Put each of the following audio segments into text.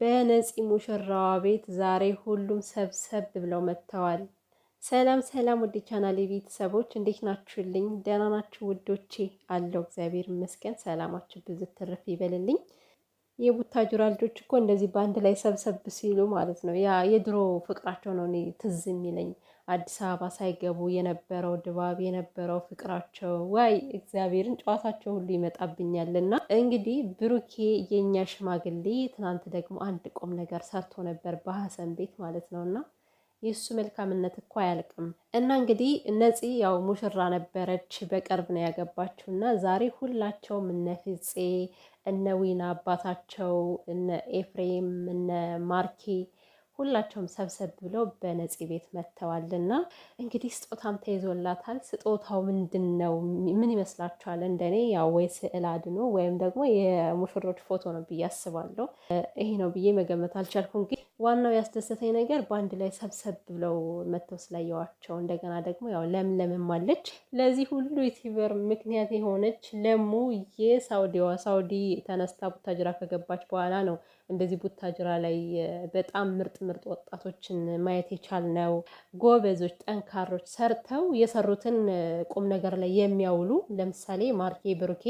በነፂ ሙሽራዋ ቤት ዛሬ ሁሉም ሰብሰብ ብለው መጥተዋል። ሰላም ሰላም፣ ውድ ቻናሌ ቤተሰቦች እንዴት ናችሁልኝ? ደህና ናችሁ ውዶቼ? አለው እግዚአብሔር ይመስገን። ሰላማችሁ ብዙ ትርፍ ይበልልኝ። የቡታጅራ ልጆች እኮ እንደዚህ በአንድ ላይ ሰብሰብ ሲሉ ማለት ነው ያ የድሮ ፍቅራቸው ነው እኔ ትዝ የሚለኝ። አዲስ አበባ ሳይገቡ የነበረው ድባብ የነበረው ፍቅራቸው ዋይ እግዚአብሔርን ጨዋታቸው ሁሉ ይመጣብኛል። እና እንግዲህ ብሩኬ የእኛ ሽማግሌ ትናንት ደግሞ አንድ ቁም ነገር ሰርቶ ነበር በሀሰን ቤት ማለት ነው እና የእሱ መልካምነት እኮ አያልቅም። እና እንግዲህ ነፂ ያው ሙሽራ ነበረች በቅርብ ነው ያገባችው። እና ዛሬ ሁላቸውም እነ ፍፄ እነ ዊና አባታቸው እነ ኤፍሬም እነ ማርኬ ሁላቸውም ሰብሰብ ብለው በነፂ ቤት መጥተዋልና እንግዲህ ስጦታም ተይዞላታል። ስጦታው ምንድን ነው? ምን ይመስላችኋል? እንደኔ ያው ወይ ስዕል አድኖ ወይም ደግሞ የሙሽሮች ፎቶ ነው ብዬ አስባለሁ። ይሄ ነው ብዬ መገመት እንግዲህ ዋናው ያስደሰተኝ ነገር በአንድ ላይ ሰብሰብ ብለው መተው ስላየዋቸው፣ እንደገና ደግሞ ያው ለምለምም አለች። ለዚህ ሁሉ ዩቲዩበር ምክንያት የሆነች ለሙ የሳውዲዋ ሳውዲ ተነስታ ቡታጅራ ከገባች በኋላ ነው እንደዚህ ቡታጅራ ላይ በጣም ምርጥ ምርጥ ወጣቶችን ማየት የቻልነው። ጎበዞች፣ ጠንካሮች፣ ሰርተው የሰሩትን ቁም ነገር ላይ የሚያውሉ ለምሳሌ ማርኬ ብሩኬ፣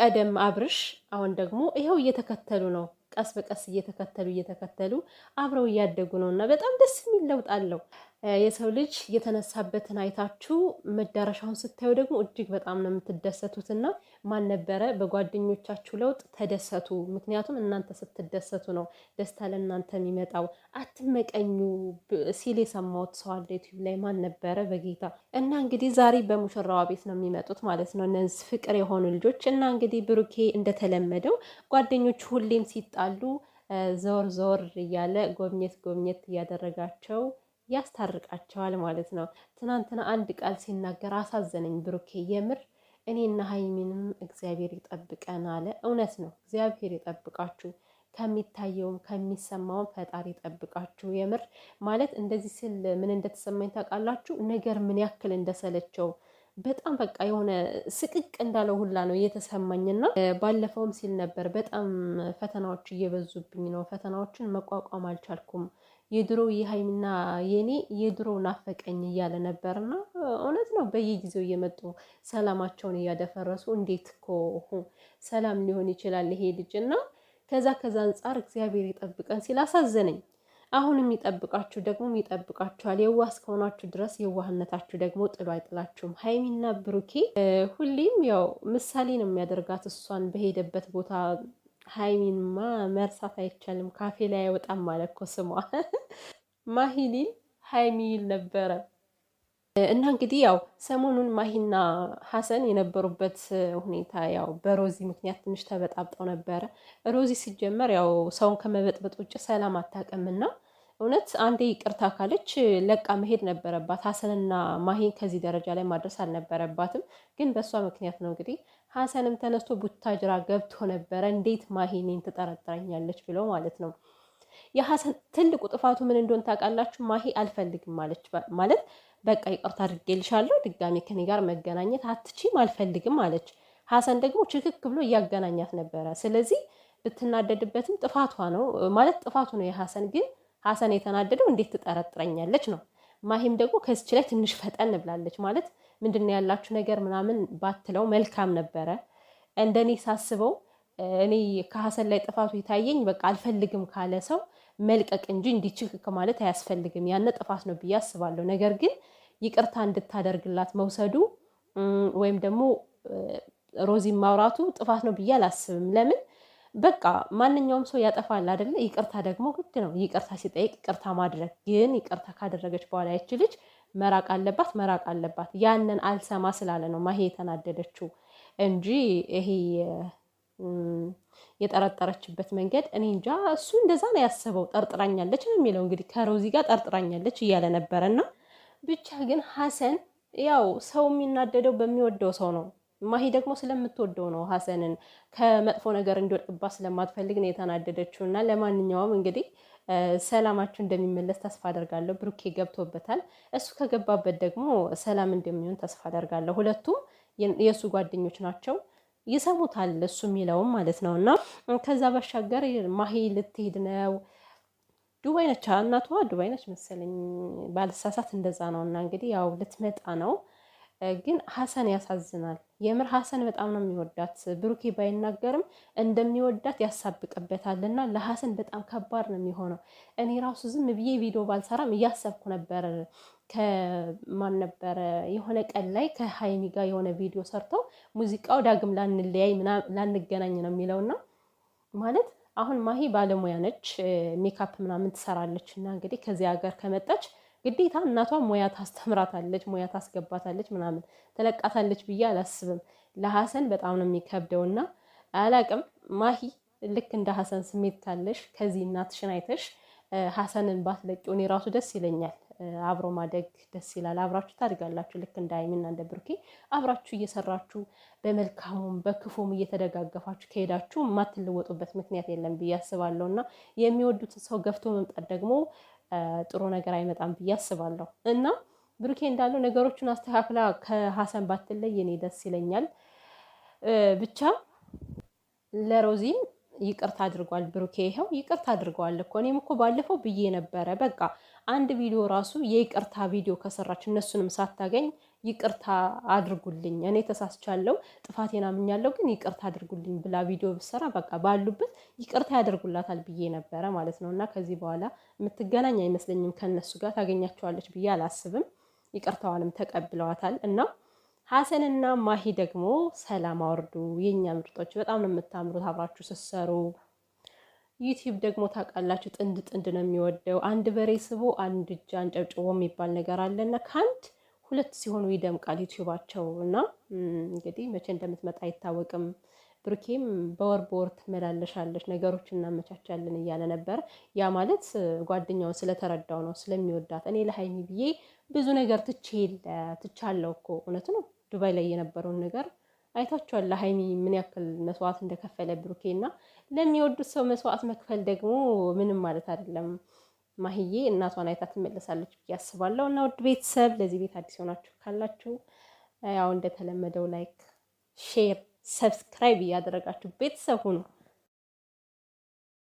ቀደም አብርሽ፣ አሁን ደግሞ ይኸው እየተከተሉ ነው ቀስ በቀስ እየተከተሉ እየተከተሉ አብረው እያደጉ ነው እና በጣም ደስ የሚል ለውጥ አለው። የሰው ልጅ የተነሳበትን አይታችሁ መዳረሻውን ስታዩ ደግሞ እጅግ በጣም ነው የምትደሰቱት። ማን ነበረ በጓደኞቻችሁ ለውጥ ተደሰቱ። ምክንያቱም እናንተ ስትደሰቱ ነው ደስታ ለእናንተ የሚመጣው። አትመቀኙ ሲል የሰማሁት ሰው አለ ዩቲዩብ ላይ ማን ነበረ በጌታ እና እንግዲህ ዛሬ በሙሽራዋ ቤት ነው የሚመጡት ማለት ነው እነዚህ ፍቅር የሆኑ ልጆች እና እንግዲህ ብሩኬ እንደተለመደው ጓደኞቹ ሁሌም ሲጣሉ ዘወር ዘወር እያለ ጎብኘት ጎብኘት እያደረጋቸው ያስታርቃቸዋል ማለት ነው። ትናንትና አንድ ቃል ሲናገር አሳዘነኝ ብሩኬ የምር እኔና ሀይሚንም እግዚአብሔር ይጠብቀን አለ። እውነት ነው። እግዚአብሔር ይጠብቃችሁ ከሚታየውም ከሚሰማውም ፈጣሪ ይጠብቃችሁ። የምር ማለት እንደዚህ ስል ምን እንደተሰማኝ ታውቃላችሁ? ነገር ምን ያክል እንደሰለቸው በጣም በቃ የሆነ ስቅቅ እንዳለው ሁላ ነው እየተሰማኝና ባለፈውም ሲል ነበር በጣም ፈተናዎች እየበዙብኝ ነው፣ ፈተናዎችን መቋቋም አልቻልኩም የድሮ የሀይምና የኔ የድሮ ናፈቀኝ እያለ ነበር እና እውነት ነው። በየጊዜው እየመጡ ሰላማቸውን እያደፈረሱ እንዴት እኮ ሰላም ሊሆን ይችላል ይሄ ልጅ እና ከዛ ከዛ አንጻር እግዚአብሔር ይጠብቀን ሲል አሳዘነኝ። አሁንም የሚጠብቃችሁ ደግሞ ይጠብቃችኋል። የዋህ እስከሆናችሁ ድረስ የዋህነታችሁ ደግሞ ጥሎ አይጥላችሁም። ሀይሚና ብሩኬ ሁሌም ያው ምሳሌ ነው የሚያደርጋት እሷን በሄደበት ቦታ ሀይሚንማ መርሳት አይቻልም። ካፌ ላይ አይወጣም ማለት እኮ ስሟ ማሂሊን ሀይሚ ይል ነበረ። እና እንግዲህ ያው ሰሞኑን ማሂና ሀሰን የነበሩበት ሁኔታ ያው በሮዚ ምክንያት ትንሽ ተበጣብጠው ነበረ። ሮዚ ሲጀመር ያው ሰውን ከመበጥበጥ ውጭ ሰላም አታውቅምና እውነት አንዴ ይቅርታ ካለች ለቃ መሄድ ነበረባት። ሀሰንና ማሂን ከዚህ ደረጃ ላይ ማድረስ አልነበረባትም። ግን በእሷ ምክንያት ነው እንግዲህ ሀሰንም ተነስቶ ቡታጅራ ገብቶ ነበረ። እንዴት ማሂኔን ትጠረጥረኛለች ብሎ ማለት ነው። የሀሰን ትልቁ ጥፋቱ ምን እንደሆን ታውቃላችሁ? ማሂ አልፈልግም ማለች ማለት በቃ ይቅርታ አድርጌልሻለሁ፣ ድጋሜ ከኔ ጋር መገናኘት አትችም፣ አልፈልግም አለች። ሀሰን ደግሞ ችክክ ብሎ እያገናኛት ነበረ። ስለዚህ ብትናደድበትም ጥፋቷ ነው ማለት ጥፋቱ ነው የሀሰን ግን ሀሰን የተናደደው እንዴት ትጠረጥረኛለች ነው። ማሂም ደግሞ ከዚች ላይ ትንሽ ፈጠን ብላለች ማለት ምንድን ነው ያላችሁ ነገር ምናምን ባትለው መልካም ነበረ። እንደኔ ሳስበው እኔ ከሀሰን ላይ ጥፋቱ የታየኝ በቃ አልፈልግም ካለ ሰው መልቀቅ እንጂ እንዲችክክ ማለት አያስፈልግም። ያነ ጥፋት ነው ብዬ አስባለሁ። ነገር ግን ይቅርታ እንድታደርግላት መውሰዱ ወይም ደግሞ ሮዚ ማውራቱ ጥፋት ነው ብዬ አላስብም። ለምን በቃ ማንኛውም ሰው ያጠፋል አይደለ? ይቅርታ ደግሞ ግድ ነው። ይቅርታ ሲጠይቅ ይቅርታ ማድረግ ግን ይቅርታ ካደረገች በኋላ ያች ልጅ መራቅ አለባት መራቅ አለባት። ያንን አልሰማ ስላለ ነው ማሄ የተናደደችው እንጂ ይሄ የጠረጠረችበት መንገድ እኔ እንጃ። እሱ እንደዛ ነው ያሰበው። ጠርጥራኛለች ነው የሚለው እንግዲህ ከሮዚ ጋር ጠርጥራኛለች እያለ ነበረና ብቻ ግን ሀሰን ያው ሰው የሚናደደው በሚወደው ሰው ነው። ማሂ ደግሞ ስለምትወደው ነው ሀሰንን ከመጥፎ ነገር እንዲወድቅባት ስለማትፈልግ ነው የተናደደችው። እና ለማንኛውም እንግዲህ ሰላማችሁ እንደሚመለስ ተስፋ አደርጋለሁ። ብሩኬ ገብቶበታል። እሱ ከገባበት ደግሞ ሰላም እንደሚሆን ተስፋ አደርጋለሁ። ሁለቱም የእሱ ጓደኞች ናቸው፣ ይሰሙታል እሱ የሚለውም ማለት ነው። እና ከዛ ባሻገር ማሂ ልትሄድ ነው ዱባይ ነች፣ እናቷ ዱባይ ነች መሰለኝ ባልሳሳት፣ እንደዛ ነው። እና እንግዲህ ያው ልትመጣ ነው ግን ሀሰን ያሳዝናል። የምር ሀሰን በጣም ነው የሚወዳት። ብሩኬ ባይናገርም እንደሚወዳት ያሳብቅበታል እና ለሀሰን በጣም ከባድ ነው የሚሆነው። እኔ ራሱ ዝም ብዬ ቪዲዮ ባልሰራም እያሰብኩ ነበር። ከማን ነበረ የሆነ ቀን ላይ ከሀይሚ ጋር የሆነ ቪዲዮ ሰርተው ሙዚቃው ዳግም ላንለያይ ላንገናኝ ነው የሚለውና ማለት አሁን ማሂ ባለሙያ ነች፣ ሜካፕ ምናምን ትሰራለች እና እንግዲህ ከዚህ ሀገር ከመጣች ግዴታ እናቷ ሙያ ታስተምራታለች፣ ሙያ ታስገባታለች፣ ምናምን ትለቃታለች ብዬ አላስብም። ለሀሰን በጣም ነው የሚከብደው እና አላቅም ማሂ ልክ እንደ ሀሰን ስሜት ካለሽ ከዚህ እናትሽን አይተሽ ሀሰንን ባትለቂው እኔ ራሱ ደስ ይለኛል። አብሮ ማደግ ደስ ይላል። አብራችሁ ታድጋላችሁ። ልክ እንደ አይሚና እንደ ብርኬ አብራችሁ እየሰራችሁ በመልካሙም በክፉም እየተደጋገፋችሁ ከሄዳችሁ የማትለወጡበት ምክንያት የለም ብዬ አስባለሁ እና የሚወዱትን ሰው ገፍቶ መምጣት ደግሞ ጥሩ ነገር አይመጣም ብዬ አስባለሁ እና ብሩኬ እንዳለው ነገሮቹን አስተካክላ ከሀሰን ባትለይ እኔ ደስ ይለኛል። ብቻ ለሮዚም ይቅርታ አድርጓል ብሩኬ፣ ይኸው ይቅርታ አድርገዋል እኮ እኔም እኮ ባለፈው ብዬ ነበረ በቃ አንድ ቪዲዮ ራሱ የይቅርታ ቪዲዮ ከሰራች እነሱንም ሳታገኝ ይቅርታ አድርጉልኝ፣ እኔ ተሳስቻለሁ፣ ጥፋቴን አምኛለሁ፣ ግን ይቅርታ አድርጉልኝ ብላ ቪዲዮ ብሰራ በቃ ባሉበት ይቅርታ ያደርጉላታል ብዬ ነበረ ማለት ነው። እና ከዚህ በኋላ የምትገናኝ አይመስለኝም ከእነሱ ጋር ታገኛቸዋለች ብዬ አላስብም። ይቅርታዋንም ተቀብለዋታል እና ሀሰንና ማሂ ደግሞ ሰላም አውርዱ የእኛ ምርጦች፣ በጣም ነው የምታምሩት አብራችሁ ስትሰሩ ዩቲዩብ ደግሞ ታውቃላችሁ ጥንድ ጥንድ ነው የሚወደው። አንድ በሬ ስቦ አንድ እጅ አንጨብጭቦ የሚባል ነገር አለና ከአንድ ሁለት ሲሆኑ ይደምቃል ዩቲዩባቸው። እና እንግዲህ መቼ እንደምትመጣ አይታወቅም። ብሩኬም በወር በወር ትመላለሻለች ነገሮች እናመቻቻለን እያለ ነበር። ያ ማለት ጓደኛውን ስለተረዳው ነው ስለሚወዳት። እኔ ለሀይሚ ብዬ ብዙ ነገር ትቼለ ትቻለው እኮ እውነት ነው። ዱባይ ላይ የነበረውን ነገር አይታችኋል። ለሀይሚ ምን ያክል መስዋዕት እንደከፈለ ብሩኬ እና ለሚወዱት ሰው መስዋዕት መክፈል ደግሞ ምንም ማለት አይደለም። ማህዬ እናቷን አይታ ትመለሳለች ብዬ አስባለሁ። እና ውድ ቤተሰብ ለዚህ ቤት አዲስ ሆናችሁ ካላችሁ ያው እንደተለመደው ላይክ፣ ሼር፣ ሰብስክራይብ እያደረጋችሁ ቤተሰብ ሁኑ።